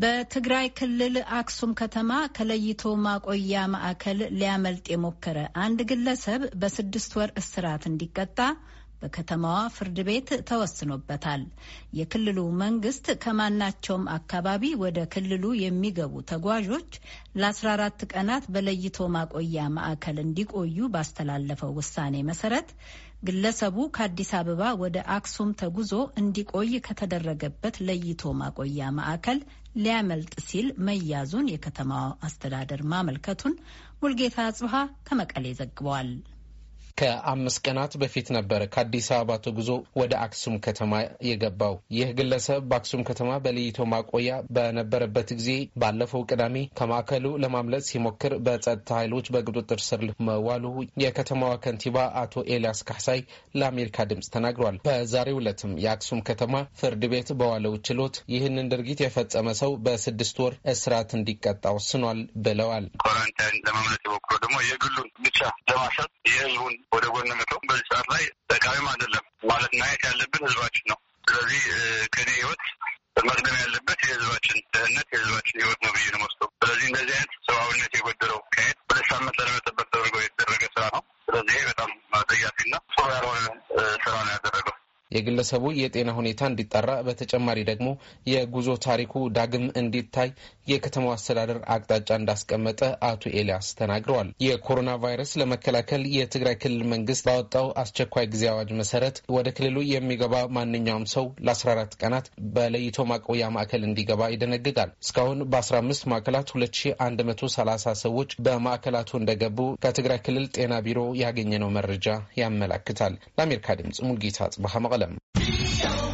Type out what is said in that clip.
በትግራይ ክልል አክሱም ከተማ ከለይቶ ማቆያ ማዕከል ሊያመልጥ የሞከረ አንድ ግለሰብ በስድስት ወር እስራት እንዲቀጣ በከተማዋ ፍርድ ቤት ተወስኖበታል። የክልሉ መንግስት ከማናቸውም አካባቢ ወደ ክልሉ የሚገቡ ተጓዦች ለ14 ቀናት በለይቶ ማቆያ ማዕከል እንዲቆዩ ባስተላለፈው ውሳኔ መሰረት ግለሰቡ ከአዲስ አበባ ወደ አክሱም ተጉዞ እንዲቆይ ከተደረገበት ለይቶ ማቆያ ማዕከል ሊያመልጥ ሲል መያዙን የከተማዋ አስተዳደር ማመልከቱን ሙልጌታ አጽብሃ ከመቀሌ ዘግቧል። ከአምስት ቀናት በፊት ነበረ ከአዲስ አበባ ተጉዞ ወደ አክሱም ከተማ የገባው። ይህ ግለሰብ በአክሱም ከተማ በለይቶ ማቆያ በነበረበት ጊዜ ባለፈው ቅዳሜ ከማዕከሉ ለማምለጥ ሲሞክር በጸጥታ ኃይሎች በቁጥጥር ስር መዋሉ የከተማዋ ከንቲባ አቶ ኤልያስ ካሳይ ለአሜሪካ ድምፅ ተናግሯል። በዛሬው ዕለትም የአክሱም ከተማ ፍርድ ቤት በዋለው ችሎት ይህንን ድርጊት የፈጸመ ሰው በስድስት ወር እስራት እንዲቀጣ ወስኗል ብለዋል። ኮረንታይን ለማምለጥ ሞክሮ ደግሞ የግሉን ብቻ ለማሰብ በዚህ ሰዓት ላይ ጠቃሚም አይደለም ማለት ማየት ያለብን ህዝባችን ነው። ስለዚህ ከኔ ህይወት መቅደም ያለበት የህዝባችን ደህንነት የህዝባችን ህይወት ነው ብዬ ነው ወስዶ። ስለዚህ እንደዚህ አይነት ሰብአዊነት የጎደለው ከየት ሁለት ሳምንት ለመጠበቅ ተደርጎ የተደረገ ስራ ነው። ስለዚህ ይሄ በጣም አጸያፊና ጥሩ ያልሆነ ስራ ነው ያደረገው። የግለሰቡ የጤና ሁኔታ እንዲጣራ፣ በተጨማሪ ደግሞ የጉዞ ታሪኩ ዳግም እንዲታይ የከተማው አስተዳደር አቅጣጫ እንዳስቀመጠ አቶ ኤልያስ ተናግረዋል። የኮሮና ቫይረስ ለመከላከል የትግራይ ክልል መንግስት ባወጣው አስቸኳይ ጊዜ አዋጅ መሰረት ወደ ክልሉ የሚገባ ማንኛውም ሰው ለ14 ቀናት በለይቶ ማቆያ ማዕከል እንዲገባ ይደነግጋል። እስካሁን በ15 ማዕከላት 2130 ሰዎች በማዕከላቱ እንደገቡ ከትግራይ ክልል ጤና ቢሮ ያገኘነው መረጃ ያመላክታል። ለአሜሪካ ድምጽ ሙልጌታ ጽበሀ መቀለ ዓለም